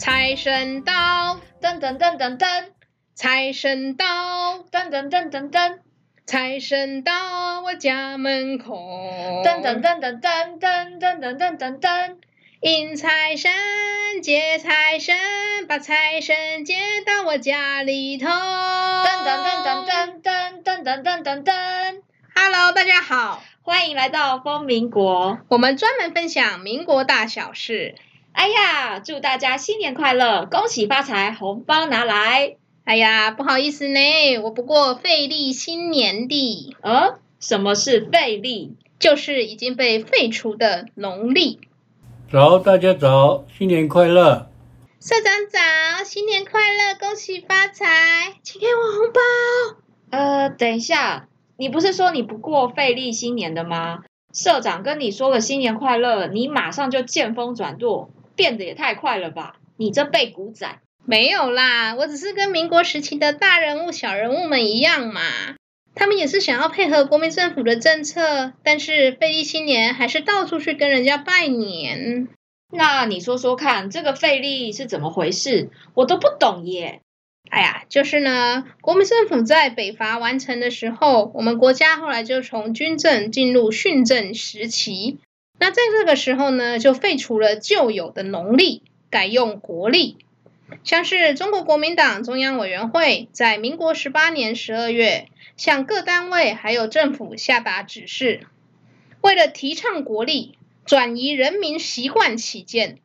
財神到，噔噔噔噔噔！財神到，噔噔噔噔噔！財神到我家門口，噔噔噔噔噔噔噔噔噔噔，迎財神，接財神，把財神接到我家裡頭，噔噔噔噔噔噔噔噔噔噔！Hello，大家好，歡迎來到瘋民國，我們專門分享民國大小事。哎呀，祝大家新年快樂，恭喜發財，紅包拿來！哎呀，不好意思呢，我不過廢曆新年的。呃、啊，什麼是廢曆？就是已經被廢除的農曆。早，大家早，新年快樂！社長早，新年快樂，恭喜發財，請給我紅包。呃，等一下，你不是說你不過廢曆新年的嗎？社長跟你說了新年快樂，你馬上就見風轉舵。變得也太快了吧！你這背骨仔。沒有啦，我只是跟民國時期的大人物、小人物們一樣嘛。他們也是想要配合國民政府的政策，但是廢曆新年還是到處去跟人家拜年。那你說說看，這個廢曆是怎麼回事？我都不懂耶。哎呀，就是呢，國民政府在北伐完成的時候，我們國家後來就從軍政進入訓政時期。那在這個時候呢，就廢除了舊有的農曆，改用國曆。像是中國國民黨中央委員會在民國十八年十二月向各單位還有政府下達指示，為了提倡國曆、轉移人民習慣起見，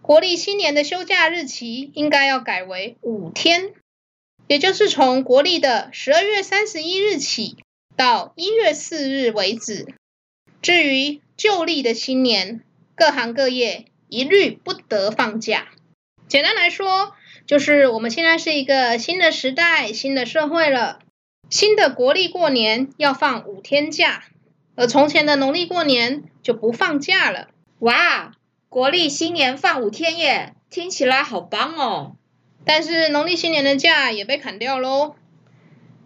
國曆新年的休假日期應該要改為五天，也就是從國曆的十二月三十一日起到一月四日為止。至於舊曆的新年，各行各業一律不得放假。簡單來說，就是我們現在是一個新的時代、新的社會了，新的國曆過年要放五天假，而從前的農曆過年就不放假了。哇，國曆新年放五天耶，聽起來好棒哦！但是農曆新年的假也被砍掉嘍。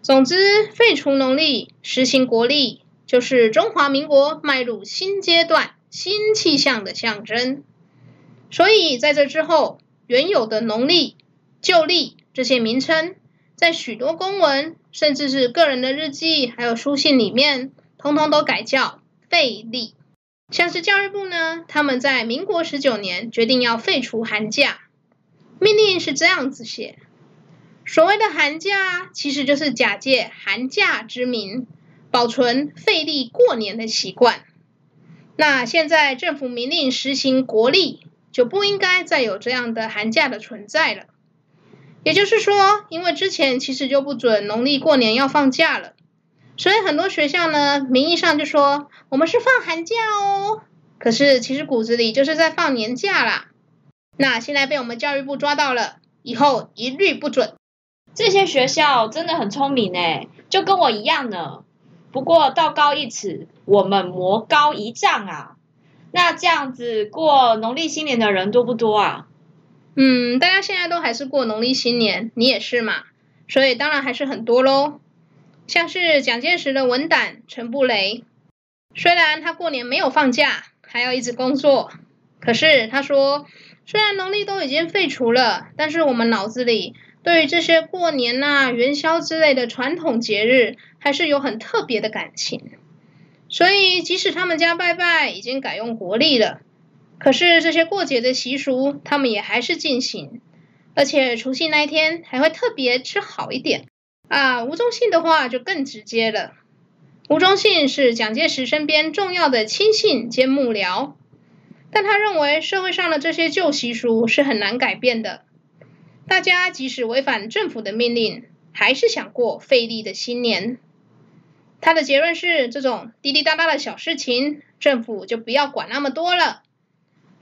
總之，廢除農曆，實行國曆。就是中華民國邁入新階段、新氣象的象徵，所以在這之後，原有的農曆、舊曆這些名稱，在許多公文，甚至是個人的日記，還有書信裡面，通通都改叫廢曆。像是教育部呢，他們在民國十九年決定要廢除寒假，命令是這樣子寫：所謂的寒假，其實就是假借寒假之名。保存廢曆過年的習慣，那現在政府明令實行國曆，就不應該再有這樣的寒假的存在了。也就是說，因為之前其實就不准農曆過年要放假了，所以很多學校呢，名義上就說我們是放寒假哦，可是其實骨子裡就是在放年假啦。那現在被我們教育部抓到了，以後一律不准。這些學校真的很聰明哎，就跟我一樣呢。不過道高一尺，我們魔高一丈啊！那這樣子過農曆新年的人多不多啊？嗯，大家現在都還是過農曆新年，你也是嘛？所以當然還是很多嘍。像是蔣介石的文膽陳布雷，雖然他過年沒有放假，還要一直工作，可是他說，雖然農曆都已經廢除了，但是我們腦子裡，對於這些過年吶、啊、元宵之類的傳統節日，還是有很特別的感情。所以，即使他們家拜拜已經改用國曆了，可是這些過節的習俗，他們也還是進行。而且，除夕那一天還會特別吃好一點啊。吳忠信的話就更直接了。吳忠信是蔣介石身邊重要的親信兼幕僚，但他認為社會上的這些舊習俗是很難改變的。大家即使違反政府的命令，還是想過廢曆的新年。他的結論是，這種滴滴答答的小事情，政府就不要管那麼多了。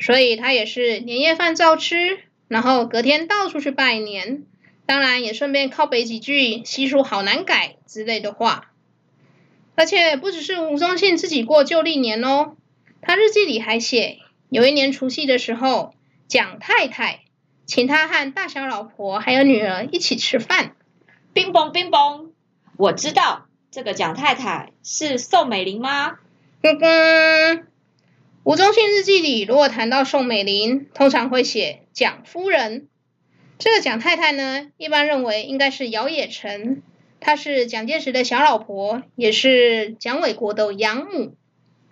所以他也是年夜飯照吃，然後隔天到處去拜年，當然也順便靠北幾句“習俗好難改”之類的話。而且不只是吳忠信自己過舊曆年哦，他日記裡還寫，有一年除夕的時候，蔣太太。請他和大小老婆還有女兒一起吃飯。冰嘣，冰嘣，我知道這個蔣太太是宋美齡嗎？嗯嗯。吳忠信日記裡，如果談到宋美齡，通常會寫蔣夫人。這個蔣太太呢，一般認為應該是姚冶誠，她是蔣介石的小老婆，也是蔣緯國的養母。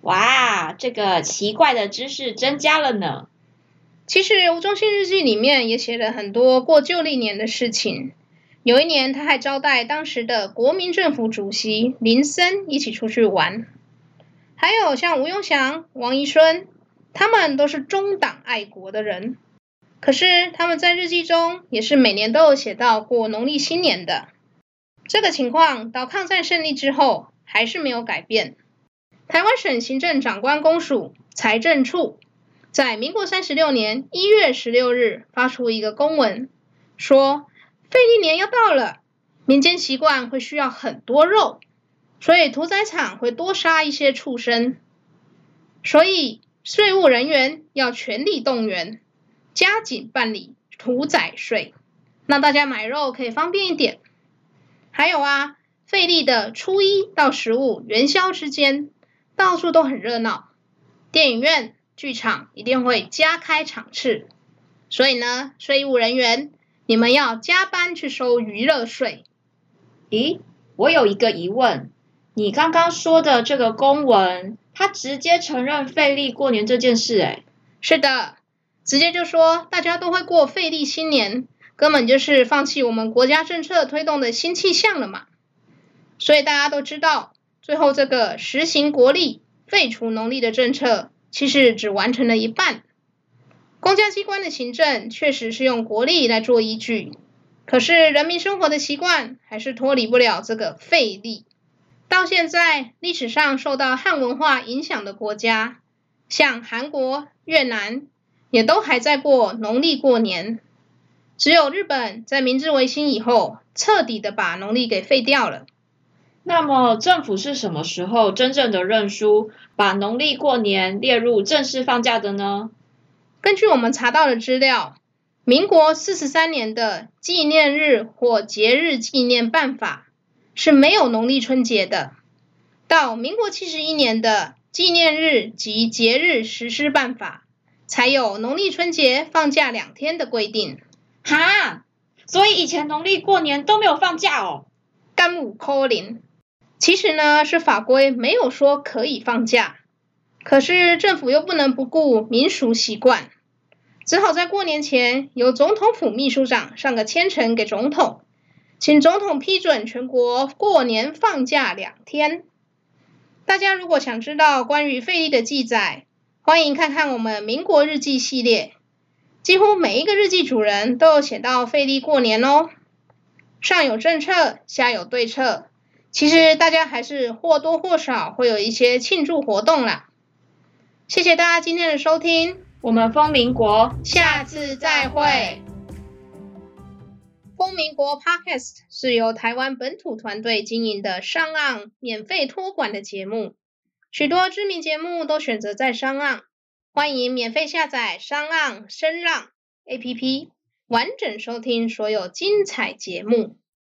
哇，這個奇怪的知識增加了呢！其實吳忠信日記裡面也寫了很多過舊曆年的事情。有一年，他還招待當時的國民政府主席林森一起出去玩。還有像吳永祥、王宜孫，他們都是忠黨愛國的人。可是他們在日記中也是每年都有寫到過農曆新年的。這個情況到抗戰勝利之後，還是沒有改變。台灣省行政長官公署財政處。在民國三十六年一月十六日發出一個公文，說廢曆年要到了，民間習慣會需要很多肉，所以屠宰場會多殺一些畜生，所以稅務人員要全力動員，加緊辦理屠宰稅、稅，讓大家買肉可以方便一點。還有啊，廢曆的初一到十五元宵之間，到處都很熱鬧，電影院。劇場一定會加開場次，所以呢，稅務人員你們要加班去收娛樂稅。咦，我有一個疑問，你剛剛說的這個公文，他直接承認廢曆過年這件事，欸？哎，是的，直接就說大家都會過廢曆新年，根本就是放棄我們國家政策推動的新氣象了嘛。所以大家都知道，最後這個實行國曆廢除農曆的政策，其實只完成了一半。公家機關的行政確實是用國曆來做依據，可是人民生活的習慣還是脫離不了這個廢曆。到現在，歷史上受到漢文化影響的國家，像韓國、越南，也都還在過農曆過年。只有日本在明治維新以後，徹底的把農曆給廢掉了。那麼政府是什麼時候真正的認輸，把農曆過年列入正式放假的呢？根據我們查到的資料，民國四十三年的紀念日或節日紀念辦法是沒有農曆春節的，到民國七十一年的紀念日及節日實施辦法才有農曆春節放假兩天的規定。哈，所以以前農曆過年都沒有放假哦，甘有可能。其實呢，是法規沒有說可以放假，可是政府又不能不顧民俗習慣，只好在過年前由總統府秘書長上個簽呈給總統，請總統批准全國過年放假兩天。大家如果想知道關於廢曆的記載，歡迎看看我們《民國日記》系列，幾乎每一個日記主人都寫到廢曆過年哦。上有政策，下有對策。其實大家還是或多或少會有一些慶祝活動啦。謝謝大家今天的收聽，我們瘋民國下次再會。瘋民國 Podcast 是由台灣本土團隊經營的商岸免費托管的節目，許多知名節目都選擇在商岸。歡迎免費下載商岸聲浪 APP，完整收聽所有精彩節目。